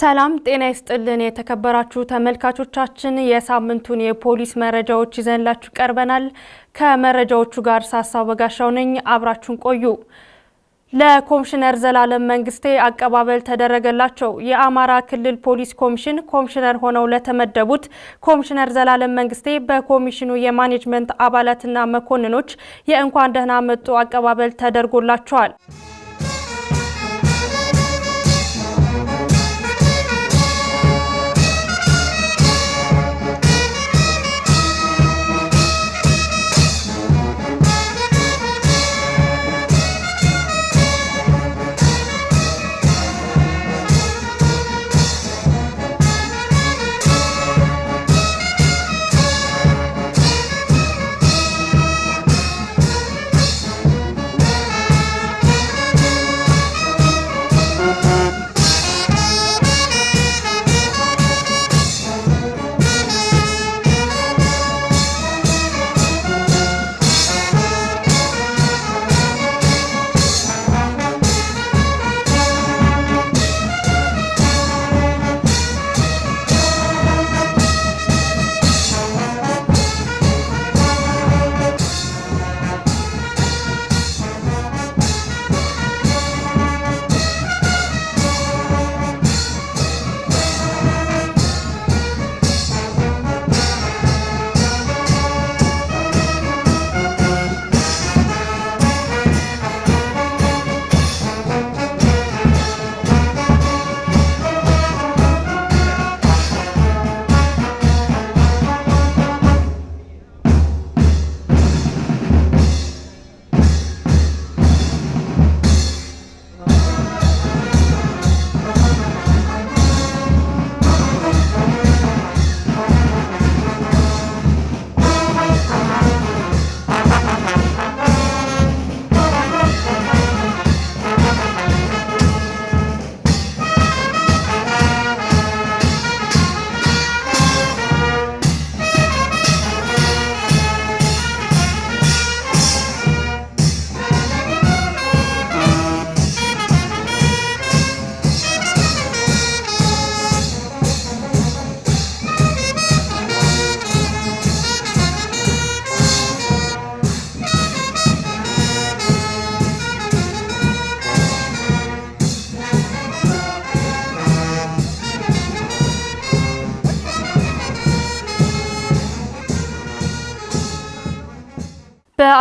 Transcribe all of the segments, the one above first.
ሰላም ጤና ይስጥልን። የተከበራችሁ ተመልካቾቻችን የሳምንቱን የፖሊስ መረጃዎች ይዘንላችሁ ቀርበናል። ከመረጃዎቹ ጋር ሳሳው በጋሻው ነኝ። አብራችሁን ቆዩ። ለኮሚሽነር ዘላለም መንግስቴ አቀባበል ተደረገላቸው። የአማራ ክልል ፖሊስ ኮሚሽን ኮሚሽነር ሆነው ለተመደቡት ኮሚሽነር ዘላለም መንግስቴ በኮሚሽኑ የማኔጅመንት አባላትና መኮንኖች የእንኳን ደህና መጡ አቀባበል ተደርጎላቸዋል።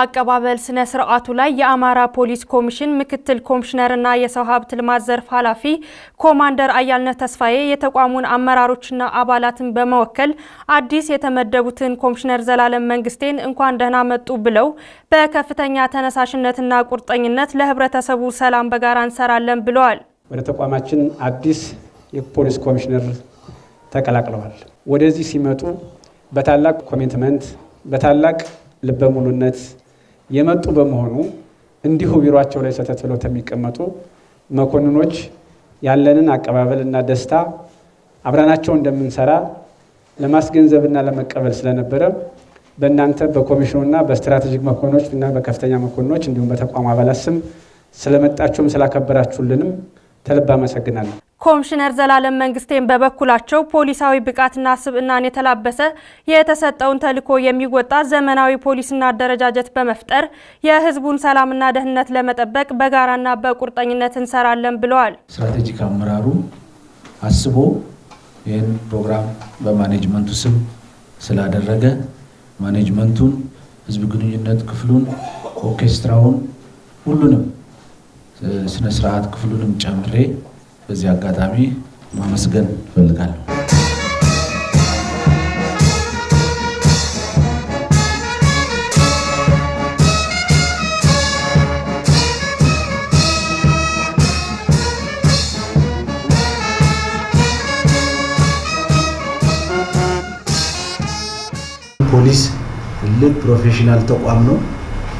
አቀባበል ስነ ስርዓቱ ላይ የአማራ ፖሊስ ኮሚሽን ምክትል ኮሚሽነርና የሰው ሀብት ልማት ዘርፍ ኃላፊ ኮማንደር አያልነት ተስፋዬ የተቋሙን አመራሮችና አባላትን በመወከል አዲስ የተመደቡትን ኮሚሽነር ዘላለም መንግስቴን እንኳን ደህና መጡ ብለው በከፍተኛ ተነሳሽነትና ቁርጠኝነት ለህብረተሰቡ ሰላም በጋራ እንሰራለን ብለዋል። ወደ ተቋማችን አዲስ የፖሊስ ኮሚሽነር ተቀላቅለዋል። ወደዚህ ሲመጡ በታላቅ ኮሚትመንት በታላቅ ልበሙሉነት የመጡ በመሆኑ እንዲሁ ቢሯቸው ላይ ሰተት ብለው የሚቀመጡ መኮንኖች ያለንን እና ደስታ አብረናቸው እንደምንሰራ ለማስገንዘብ እና ለመቀበል ስለነበረ በእናንተ በኮሚሽኑና በስትራቴጂክ መኮንኖች እና በከፍተኛ መኮንኖች እንዲሁም በተቋም አባላት ስም ስለመጣችሁም ስላከበራችሁልንም ከልብ አመሰግናለሁ። ኮሚሽነር ዘላለም መንግስቴን በበኩላቸው ፖሊሳዊ ብቃትና ስብዕናን የተላበሰ የተሰጠውን ተልዕኮ የሚወጣ ዘመናዊ ፖሊስና አደረጃጀት በመፍጠር የህዝቡን ሰላምና ደህንነት ለመጠበቅ በጋራና በቁርጠኝነት እንሰራለን ብለዋል። ስትራቴጂክ አመራሩ አስቦ ይህን ፕሮግራም በማኔጅመንቱ ስም ስላደረገ ማኔጅመንቱን፣ ህዝብ ግንኙነት ክፍሉን፣ ኦርኬስትራውን ሁሉንም ስነስርዓት ክፍሉንም ጨምሬ በዚህ አጋጣሚ ማመስገን እፈልጋለሁ። ፖሊስ ትልቅ ፕሮፌሽናል ተቋም ነው።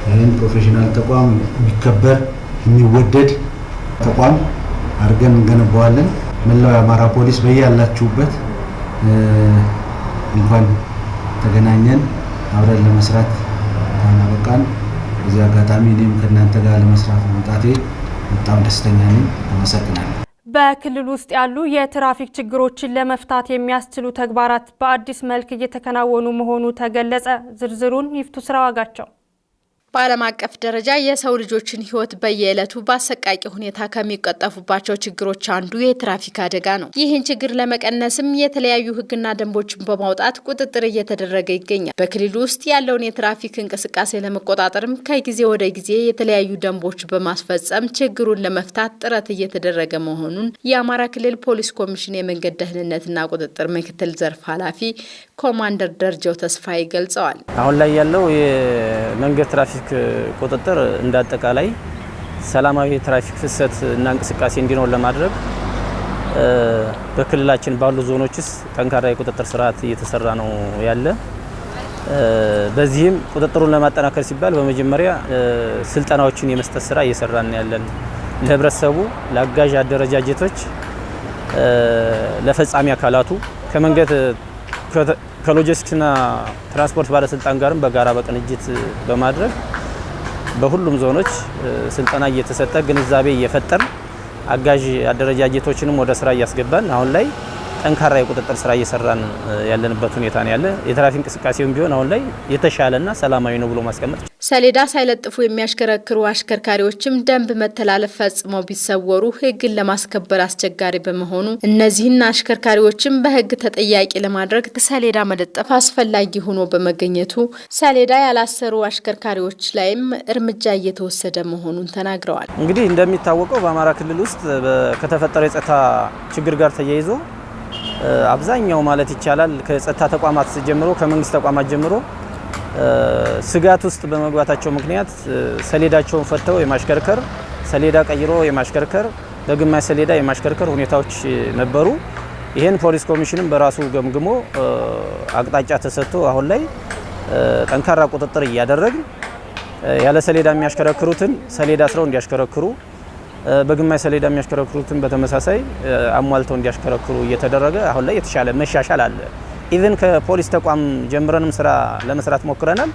ይህን ፕሮፌሽናል ተቋም የሚከበር የሚወደድ ተቋም አድርገን እንገነባዋለን። መላው የአማራ ፖሊስ በያላችሁበት እንኳን ተገናኘን፣ አብረን ለመስራት ታናበቃን። በዚህ አጋጣሚ እኔም ከእናንተ ጋር ለመስራት መምጣቴ በጣም ደስተኛ ነኝ። አመሰግናለሁ። በክልል ውስጥ ያሉ የትራፊክ ችግሮችን ለመፍታት የሚያስችሉ ተግባራት በአዲስ መልክ እየተከናወኑ መሆኑ ተገለጸ። ዝርዝሩን ይፍቱ ስራ ዋጋቸው በዓለም አቀፍ ደረጃ የሰው ልጆችን ህይወት በየዕለቱ በአሰቃቂ ሁኔታ ከሚቀጠፉባቸው ችግሮች አንዱ የትራፊክ አደጋ ነው። ይህን ችግር ለመቀነስም የተለያዩ ህግና ደንቦችን በማውጣት ቁጥጥር እየተደረገ ይገኛል። በክልሉ ውስጥ ያለውን የትራፊክ እንቅስቃሴ ለመቆጣጠርም ከጊዜ ወደ ጊዜ የተለያዩ ደንቦች በማስፈጸም ችግሩን ለመፍታት ጥረት እየተደረገ መሆኑን የአማራ ክልል ፖሊስ ኮሚሽን የመንገድ ደህንነትና ቁጥጥር ምክትል ዘርፍ ኃላፊ ኮማንደር ደረጃው ተስፋዬ ገልጸዋል። አሁን ላይ ያለው የመንገድ ትራፊክ ቁጥጥር እንደ አጠቃላይ ሰላማዊ የትራፊክ ፍሰት እና እንቅስቃሴ እንዲኖር ለማድረግ በክልላችን ባሉ ዞኖችስ ጠንካራ የቁጥጥር ስርዓት እየተሰራ ነው ያለ። በዚህም ቁጥጥሩን ለማጠናከር ሲባል በመጀመሪያ ስልጠናዎችን የመስጠት ስራ እየሰራን ያለን ለህብረተሰቡ፣ ለአጋዥ አደረጃጀቶች፣ ለፈጻሚ አካላቱ ከመንገድ ከሎጂስቲክስና ትራንስፖርት ባለስልጣን ጋርም በጋራ በቅንጅት በማድረግ በሁሉም ዞኖች ስልጠና እየተሰጠ ግንዛቤ እየፈጠር አጋዥ አደረጃጀቶችንም ወደ ስራ እያስገባን አሁን ላይ ጠንካራ የቁጥጥር ስራ እየሰራን ያለንበት ሁኔታ ነው ያለ። የትራፊክ እንቅስቃሴውም ቢሆን አሁን ላይ የተሻለና ሰላማዊ ነው ብሎ ማስቀመጥ ሰሌዳ ሳይለጥፉ የሚያሽከረክሩ አሽከርካሪዎችም ደንብ መተላለፍ ፈጽመው ቢሰወሩ ሕግን ለማስከበር አስቸጋሪ በመሆኑ እነዚህን አሽከርካሪዎችም በሕግ ተጠያቂ ለማድረግ ሰሌዳ መለጠፍ አስፈላጊ ሆኖ በመገኘቱ ሰሌዳ ያላሰሩ አሽከርካሪዎች ላይም እርምጃ እየተወሰደ መሆኑን ተናግረዋል። እንግዲህ እንደሚታወቀው በአማራ ክልል ውስጥ ከተፈጠረው የጸጥታ ችግር ጋር ተያይዞ አብዛኛው ማለት ይቻላል ከጸጥታ ተቋማት ጀምሮ ከመንግስት ተቋማት ጀምሮ ስጋት ውስጥ በመግባታቸው ምክንያት ሰሌዳቸውን ፈተው የማሽከርከር ሰሌዳ ቀይሮ የማሽከርከር በግማሽ ሰሌዳ የማሽከርከር ሁኔታዎች ነበሩ። ይህን ፖሊስ ኮሚሽንም በራሱ ገምግሞ አቅጣጫ ተሰጥቶ አሁን ላይ ጠንካራ ቁጥጥር እያደረግን ያለ ሰሌዳ የሚያሽከረክሩትን ሰሌዳ ስረው እንዲያሽከረክሩ በግማሽ ሰሌዳ የሚያሽከረክሩትን በተመሳሳይ አሟልተው እንዲያሽከረክሩ እየተደረገ አሁን ላይ የተሻለ መሻሻል አለ። ኢቭን ከፖሊስ ተቋም ጀምረንም ስራ ለመስራት ሞክረናል።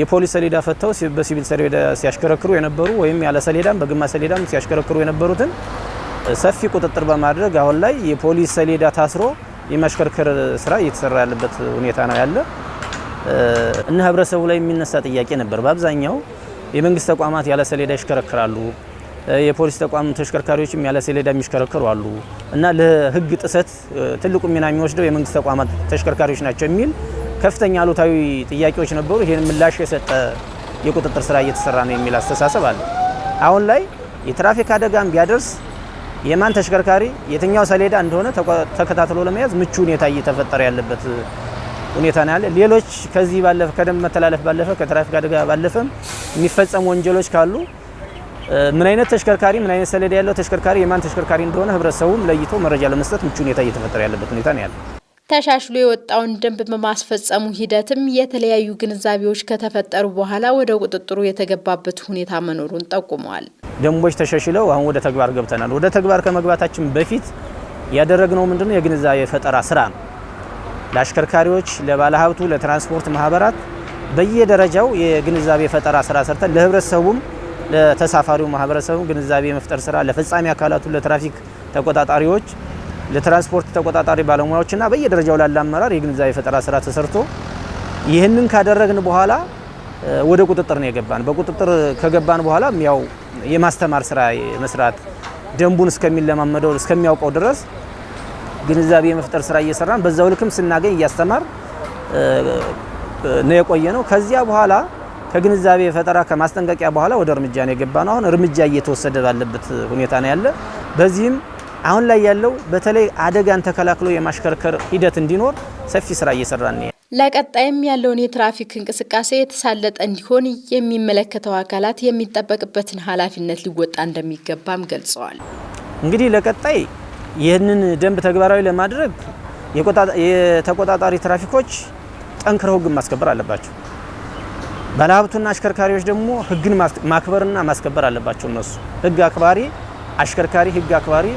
የፖሊስ ሰሌዳ ፈተው በሲቪል ሰሌዳ ሲያሽከረክሩ የነበሩ ወይም ያለ ሰሌዳም በግማሽ ሰሌዳም ሲያሽከረክሩ የነበሩትን ሰፊ ቁጥጥር በማድረግ አሁን ላይ የፖሊስ ሰሌዳ ታስሮ የማሽከርከር ስራ እየተሰራ ያለበት ሁኔታ ነው ያለ እና ህብረተሰቡ ላይ የሚነሳ ጥያቄ ነበር በአብዛኛው የመንግስት ተቋማት ያለ ሰሌዳ ይሽከረከራሉ። የፖሊስ ተቋም ተሽከርካሪዎችም ያለ ሰሌዳ የሚሽከረከሩ አሉ እና ለህግ ጥሰት ትልቁ ሚና የሚወስደው የመንግስት ተቋማት ተሽከርካሪዎች ናቸው የሚል ከፍተኛ አሉታዊ ጥያቄዎች ነበሩ። ይህን ምላሽ የሰጠ የቁጥጥር ስራ እየተሰራ ነው የሚል አስተሳሰብ አለ። አሁን ላይ የትራፊክ አደጋም ቢያደርስ የማን ተሽከርካሪ የትኛው ሰሌዳ እንደሆነ ተከታትሎ ለመያዝ ምቹ ሁኔታ እየተፈጠረ ያለበት ሁኔታ ነው ያለ። ሌሎች ከዚህ ባለፈ ከደም መተላለፍ ባለፈ ከትራፊክ አደጋ ባለፈም የሚፈጸሙ ወንጀሎች ካሉ ምን አይነት ተሽከርካሪ ምን አይነት ሰሌዳ ያለው ተሽከርካሪ የማን ተሽከርካሪ እንደሆነ ህብረተሰቡም ለይቶ መረጃ ለመስጠት ምቹ ሁኔታ እየተፈጠረ ያለበት ሁኔታ ነው ያለ። ተሻሽሎ የወጣውን ደንብ በማስፈጸሙ ሂደትም የተለያዩ ግንዛቤዎች ከተፈጠሩ በኋላ ወደ ቁጥጥሩ የተገባበት ሁኔታ መኖሩን ጠቁመዋል። ደንቦች ተሻሽለው አሁን ወደ ተግባር ገብተናል። ወደ ተግባር ከመግባታችን በፊት ያደረግነው ምንድነው የግንዛቤ ፈጠራ ስራ ነው። ለአሽከርካሪዎች፣ ለባለሀብቱ፣ ለትራንስፖርት ማህበራት በየደረጃው የግንዛቤ ፈጠራ ስራ ሰርተን ለህብረተሰቡም ለተሳፋሪው ማህበረሰቡም ግንዛቤ የመፍጠር ስራ ለፈጻሚ አካላቱ፣ ለትራፊክ ተቆጣጣሪዎች፣ ለትራንስፖርት ተቆጣጣሪ ባለሙያዎችና በየደረጃው ላለ አመራር የግንዛቤ ፈጠራ ስራ ተሰርቶ ይህንን ካደረግን በኋላ ወደ ቁጥጥር ነው የገባን። በቁጥጥር ከገባን በኋላ ያው የማስተማር ስራ መስራት ደንቡን እስከሚለማመደው እስከሚያውቀው ድረስ ግንዛቤ የመፍጠር ስራ እየሰራን በዛው ልክም ስናገኝ እያስተማር ነው የቆየ ነው። ከዚያ በኋላ ከግንዛቤ ፈጠራ ከማስጠንቀቂያ በኋላ ወደ እርምጃ ነው የገባ ነው። አሁን እርምጃ እየተወሰደ ባለበት ሁኔታ ነው ያለ። በዚህም አሁን ላይ ያለው በተለይ አደጋን ተከላክሎ የማሽከርከር ሂደት እንዲኖር ሰፊ ስራ እየሰራን ነው። ለቀጣይም ያለውን የትራፊክ እንቅስቃሴ የተሳለጠ እንዲሆን የሚመለከተው አካላት የሚጠበቅበትን ኃላፊነት ሊወጣ እንደሚገባም ገልጸዋል። እንግዲህ ለቀጣይ ይህንን ደንብ ተግባራዊ ለማድረግ የተቆጣጣሪ ትራፊኮች ጠንክረው ህግን ማስከበር አለባቸው። ባለሀብቱና አሽከርካሪዎች ደግሞ ህግን ማክበርና ማስከበር አለባቸው። እነሱ ህግ አክባሪ አሽከርካሪ፣ ህግ አክባሪ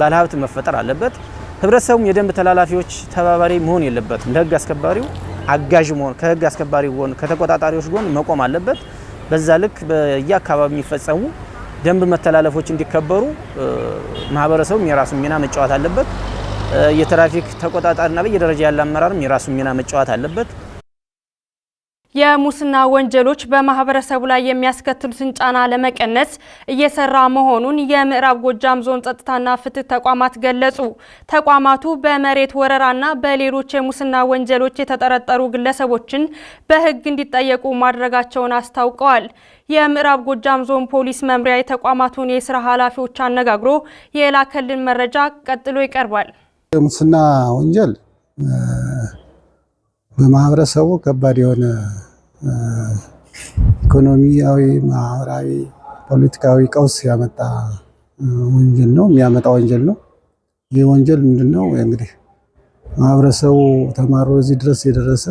ባለሀብት መፈጠር አለበት። ህብረተሰቡም የደንብ ተላላፊዎች ተባባሪ መሆን የለበትም። ለህግ አስከባሪው አጋዥ መሆን ከህግ አስከባሪ ጎን ከተቆጣጣሪዎች ጎን መቆም አለበት። በዛ ልክ በየአካባቢ የሚፈጸሙ ደንብ መተላለፎች እንዲከበሩ ማህበረሰቡም የራሱ ሚና መጫወት አለበት። የትራፊክ ተቆጣጣሪና በየደረጃ ያለ አመራርም የራሱ ሚና መጫወት አለበት። የሙስና ወንጀሎች በማህበረሰቡ ላይ የሚያስከትሉትን ጫና ለመቀነስ እየሰራ መሆኑን የምዕራብ ጎጃም ዞን ጸጥታና ፍትህ ተቋማት ገለጹ። ተቋማቱ በመሬት ወረራና በሌሎች የሙስና ወንጀሎች የተጠረጠሩ ግለሰቦችን በሕግ እንዲጠየቁ ማድረጋቸውን አስታውቀዋል። የምዕራብ ጎጃም ዞን ፖሊስ መምሪያ የተቋማቱን የስራ ኃላፊዎች አነጋግሮ የላከልን መረጃ ቀጥሎ ይቀርባል። የሙስና ወንጀል በማህበረሰቡ ከባድ የሆነ ኢኮኖሚያዊ፣ ማህበራዊ፣ ፖለቲካዊ ቀውስ ያመጣ ወንጀል ነው የሚያመጣ ወንጀል ነው። ይህ ወንጀል ምንድን ነው እንግዲህ ማህበረሰቡ ተማሮ እዚህ ድረስ የደረሰ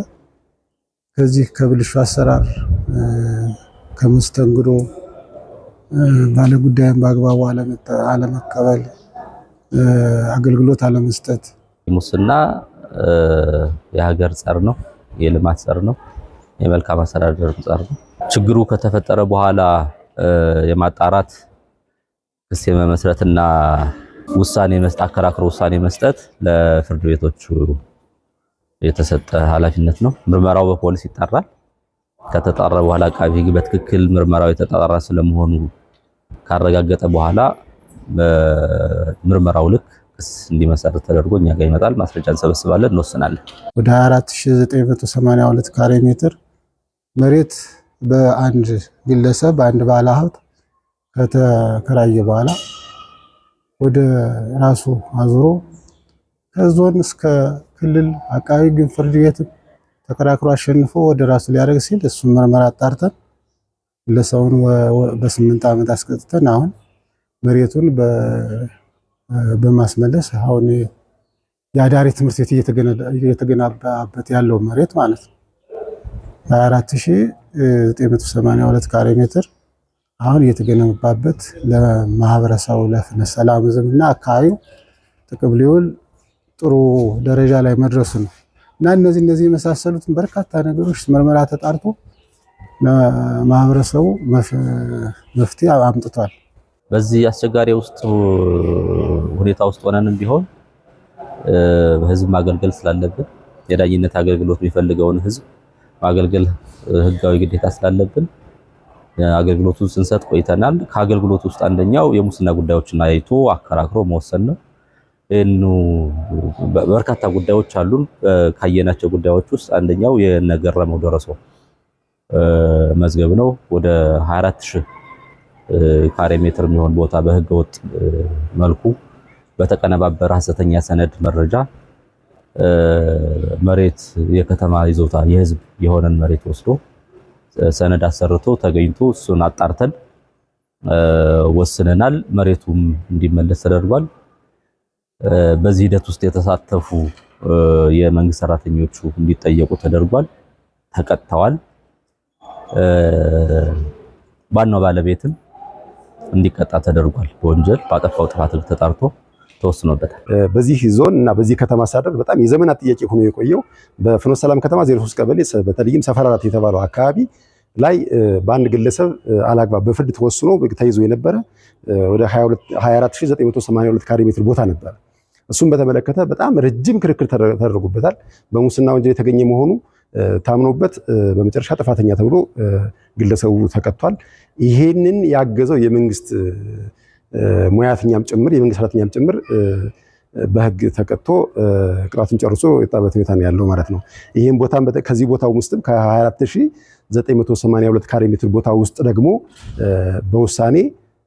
ከዚህ ከብልሹ አሰራር ከመስተንግዶ ባለጉዳይን በአግባቡ አለመቀበል፣ አገልግሎት አለመስጠት። ሙስና የሀገር ጸር ነው፣ የልማት ጸር ነው፣ የመልካም አስተዳደር ጸር ነው። ችግሩ ከተፈጠረ በኋላ የማጣራት ክስ የመመስረትና ውሳኔ መስጠት አከራክሮ ውሳኔ መስጠት ለፍርድ ቤቶቹ የተሰጠ ኃላፊነት ነው። ምርመራው በፖሊስ ይጣራል። ከተጣራ በኋላ አቃቢ ሕግ በትክክል ምርመራው የተጣራ ስለመሆኑ ካረጋገጠ በኋላ በምርመራው ልክ ክስ እንዲመሰረት ተደርጎ እኛ ጋር ይመጣል። ማስረጃ እንሰበስባለን፣ እንወስናለን። ወደ 24982 ካሬ ሜትር መሬት በአንድ ግለሰብ በአንድ ባለ ሀብት ከተከራየ በኋላ ወደ ራሱ አዙሮ ከዞን እስከ ክልል አቃቢ ሕግ ፍርድ ቤት ተከራክሮ አሸንፎ ወደ ራሱ ሊያደርግ ሲል እሱን ምርመራ አጣርተን ለሰውን በስምንት ዓመት አስቀጥተን አሁን መሬቱን በማስመለስ አሁን የአዳሪ ትምህርት ቤት እየተገነባበት ያለው መሬት ማለት ነው 24982 ካሬ ሜትር አሁን እየተገነባበት ለማህበረሰቡ ለፍነ ሰላም ዝምና አካባቢው ጥቅም ሊውል ጥሩ ደረጃ ላይ መድረሱ ነው። እና እነዚህ እነዚህ የመሳሰሉትን በርካታ ነገሮች ምርመራ ተጣርቶ ማህበረሰቡ መፍትሄ አምጥቷል። በዚህ አስቸጋሪ ውስጥ ሁኔታ ውስጥ ሆነንም ቢሆን ህዝብ ማገልገል ስላለብን የዳኝነት አገልግሎት የሚፈልገውን ህዝብ ማገልገል ህጋዊ ግዴታ ስላለብን አገልግሎቱን ስንሰጥ ቆይተናል። ከአገልግሎት ውስጥ አንደኛው የሙስና ጉዳዮችን አይቶ አከራክሮ መወሰን ነው። በርካታ ጉዳዮች አሉን። ካየናቸው ጉዳዮች ውስጥ አንደኛው የነገረመው ደረሶ መዝገብ ነው። ወደ 24 ካሬ ሜትር የሚሆን ቦታ በህገወጥ መልኩ በተቀነባበረ ሀሰተኛ ሰነድ መረጃ መሬት የከተማ ይዞታ የህዝብ የሆነን መሬት ወስዶ ሰነድ አሰርቶ ተገኝቶ እሱን አጣርተን ወስነናል። መሬቱም እንዲመለስ ተደርጓል። በዚህ ሂደት ውስጥ የተሳተፉ የመንግስት ሰራተኞቹ እንዲጠየቁ ተደርጓል። ተቀጥተዋል። ዋናው ባለቤትም እንዲቀጣ ተደርጓል። በወንጀል ባጠፋው ጥፋት ተጣርቶ ተወስኖበታል። በዚህ ዞን እና በዚህ ከተማ አስተዳደር በጣም የዘመናት ጥያቄ ሆኖ የቆየው በፍኖተ ሰላም ከተማ 03 ቀበሌ በተለይም ሰፈር የተባለው አካባቢ ላይ በአንድ ግለሰብ አላግባብ በፍርድ ተወስኖ ተይዞ የነበረ ወደ 24982 ካሬ ሜትር ቦታ ነበረ። እሱን በተመለከተ በጣም ረጅም ክርክር ተደርጎበታል። በሙስና ወንጀል የተገኘ መሆኑ ታምኖበት በመጨረሻ ጥፋተኛ ተብሎ ግለሰቡ ተቀጥቷል። ይሄንን ያገዘው የመንግስት ሙያተኛም ጭምር የመንግስት ሰራተኛም ጭምር በህግ ተቀጥቶ ቅጣቱን ጨርሶ የወጣበት ሁኔታ ነው ያለው ማለት ነው። ይህም ቦታ ከዚህ ቦታው ውስጥም ከ24982 ካሬ ሜትር ቦታ ውስጥ ደግሞ በውሳኔ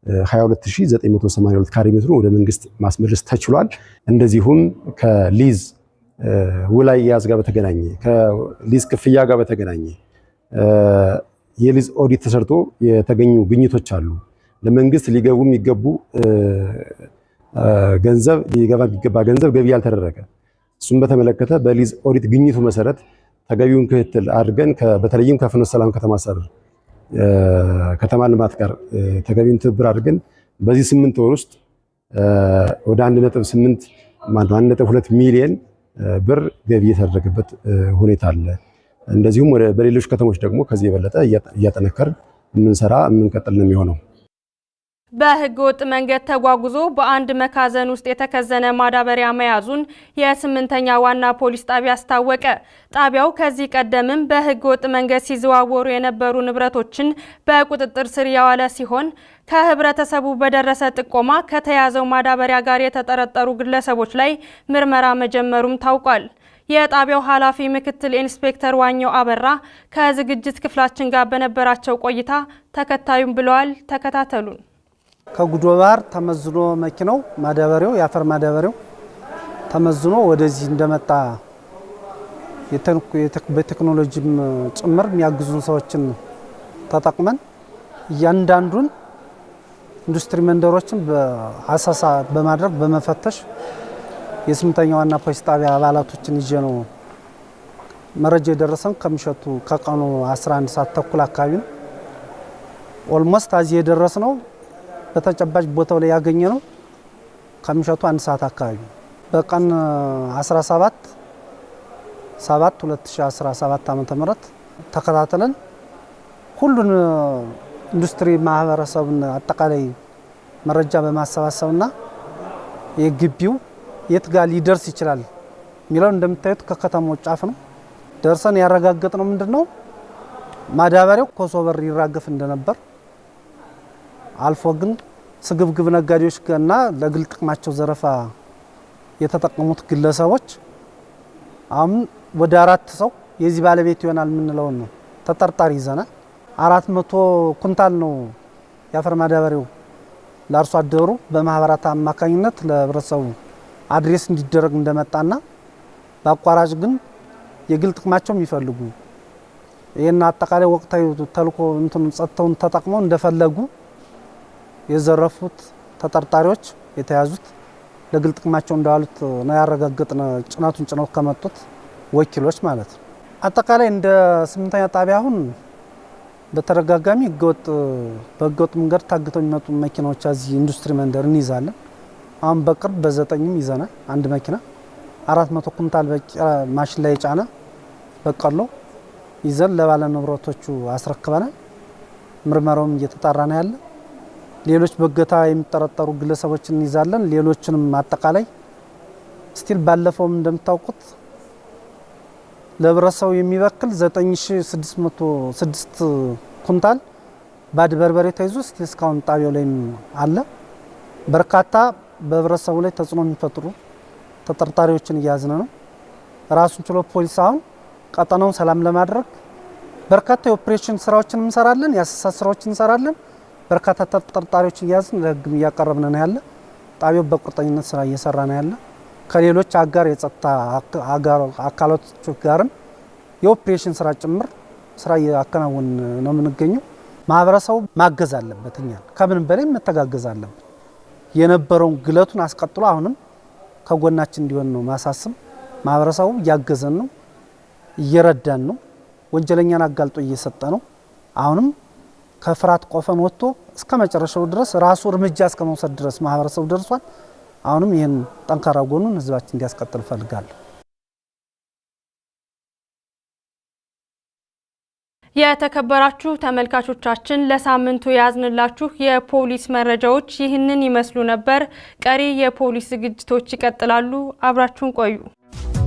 22982 ካሬ ሜትሩ ወደ መንግስት ማስመለስ ተችሏል። እንደዚሁም ከሊዝ ውል ያዝ ጋር በተገናኘ ከሊዝ ክፍያ ጋር በተገናኘ የሊዝ ኦዲት ተሰርቶ የተገኙ ግኝቶች አሉ። ለመንግስት ሊገቡ የሚገቡ ገንዘብ ሊገባ የሚገባ ገንዘብ ገቢ ያልተደረገ እሱም በተመለከተ በሊዝ ኦዲት ግኝቱ መሰረት ተገቢውን ክትትል አድርገን በተለይም ከፍኖተ ሰላም ከተማ ከተማ ልማት ጋር ተገቢውን ትብብር አድርገን በዚህ ስምንት ወር ውስጥ ወደ አንድ ነጥብ ስምንት ማለት አንድ ነጥብ ሁለት ሚሊየን ብር ገቢ የተደረገበት ሁኔታ አለ። እንደዚሁም በሌሎች ከተሞች ደግሞ ከዚህ የበለጠ እያጠነከር የምንሰራ የምንቀጥል ነው የሚሆነው። በሕገ ወጥ መንገድ ተጓጉዞ በአንድ መካዘን ውስጥ የተከዘነ ማዳበሪያ መያዙን የስምንተኛ ዋና ፖሊስ ጣቢያ አስታወቀ። ጣቢያው ከዚህ ቀደምም በሕገ ወጥ መንገድ ሲዘዋወሩ የነበሩ ንብረቶችን በቁጥጥር ስር ያዋለ ሲሆን ከህብረተሰቡ በደረሰ ጥቆማ ከተያዘው ማዳበሪያ ጋር የተጠረጠሩ ግለሰቦች ላይ ምርመራ መጀመሩም ታውቋል። የጣቢያው ኃላፊ ምክትል ኢንስፔክተር ዋኘው አበራ ከዝግጅት ክፍላችን ጋር በነበራቸው ቆይታ ተከታዩም ብለዋል። ተከታተሉን። ከጉዶ ባህር ተመዝኖ መኪናው ማዳበሪያው የአፈር ማዳበሪያው ተመዝኖ ወደዚህ እንደመጣ በቴክኖሎጂም ጭምር የሚያግዙን ሰዎችን ተጠቅመን እያንዳንዱን ኢንዱስትሪ መንደሮችን በአሳሳ በማድረግ በመፈተሽ የስምንተኛ ዋና ፖሊስ ጣቢያ አባላቶችን ይዤ ነው መረጃ የደረሰን ከምሸቱ ከቀኑ 11 ሰዓት ተኩል አካባቢ ነው። ኦልሞስት አዚህ የደረስ ነው። በተጨባጭ ቦታው ላይ ያገኘ ነው ከሚሸቱ አንድ ሰዓት አካባቢ በቀን 17 7 2017 ዓ.ም ተከታተለን ሁሉን ኢንዱስትሪ ማህበረሰቡን አጠቃላይ መረጃ በማሰባሰብና የግቢው የት ጋር ሊደርስ ይችላል የሚለው እንደምታዩት ከከተማው ጫፍ ነው ደርሰን ያረጋገጥ ነው ምንድን ነው ማዳበሪያው ኮሶበር ይራገፍ እንደነበር አልፎ ግን ስግብግብ ነጋዴዎች እና ለግል ጥቅማቸው ዘረፋ የተጠቀሙት ግለሰቦች አሁን ወደ አራት ሰው የዚህ ባለቤት ይሆናል የምንለውን ነው ተጠርጣሪ ይዘናል። አራት መቶ ኩንታል ነው የአፈር ማዳበሪያው ለአርሶ አደሩ በማህበራት አማካኝነት ለህብረተሰቡ አድሬስ እንዲደረግ እንደመጣና በአቋራጭ ግን የግል ጥቅማቸው የሚፈልጉ ይህን አጠቃላይ ወቅታዊ ተልኮ እንትን ጸጥተውን ተጠቅመው እንደፈለጉ የዘረፉት ተጠርጣሪዎች የተያዙት ለግል ጥቅማቸው እንደዋሉት ነው ያረጋገጥን። ጭነቱን ጭነው ከመጡት ወኪሎች ማለት ነው። አጠቃላይ እንደ ስምንተኛ ጣቢያ አሁን በተደጋጋሚ ህገወጥ በህገወጥ መንገድ ታግተው የሚመጡ መኪናዎች እዚህ ኢንዱስትሪ መንደር እንይዛለን። አሁን በቅርብ በዘጠኝም ይዘናል። አንድ መኪና አራት መቶ ኩንታል ላይ የጫነ በቀሎ ይዘን ለባለ ንብረቶቹ አስረክበናል። ምርመራውም እየተጣራ ነው ያለ ሌሎች በእገታ የሚጠረጠሩ ግለሰቦችን እንይዛለን። ሌሎችንም አጠቃላይ ስቲል ባለፈውም እንደምታውቁት ለህብረተሰቡ የሚበክል 9606 ኩንታል ባድ በርበሬ ተይዞ ስቲል እስካሁን ጣቢያው ላይም አለ። በርካታ በህብረተሰቡ ላይ ተጽዕኖ የሚፈጥሩ ተጠርጣሪዎችን እያዝነ ነው። ራሱን ችሎ ፖሊስ አሁን ቀጠናውን ሰላም ለማድረግ በርካታ የኦፕሬሽን ስራዎችን እንሰራለን፣ የአሰሳ ስራዎችን እንሰራለን። በርካታ ተጠርጣሪዎች እያዝን ለህግም እያቀረብን ነው ያለ። ጣቢያው በቁርጠኝነት ስራ እየሰራ ነው ያለ። ከሌሎች አጋር የጸጥታ አካላቶች ጋርም የኦፕሬሽን ስራ ጭምር ስራ እያከናወን ነው የምንገኘው። ማህበረሰቡ ማገዝ አለበት፣ እኛ ከምንም በላይ መተጋገዝ አለበት። የነበረውን ግለቱን አስቀጥሎ አሁንም ከጎናችን እንዲሆን ነው ማሳስብ። ማህበረሰቡ እያገዘን ነው፣ እየረዳን ነው፣ ወንጀለኛን አጋልጦ እየሰጠ ነው አሁንም ከፍርሃት ቆፈን ወጥቶ እስከ መጨረሻው ድረስ ራሱ እርምጃ እስከ መውሰድ ድረስ ማህበረሰቡ ደርሷል። አሁንም ይህን ጠንካራ ጎኑን ህዝባችን እንዲያስቀጥል እፈልጋለሁ። የተከበራችሁ ተመልካቾቻችን ለሳምንቱ ያዝንላችሁ የፖሊስ መረጃዎች ይህንን ይመስሉ ነበር። ቀሪ የፖሊስ ዝግጅቶች ይቀጥላሉ። አብራችሁን ቆዩ።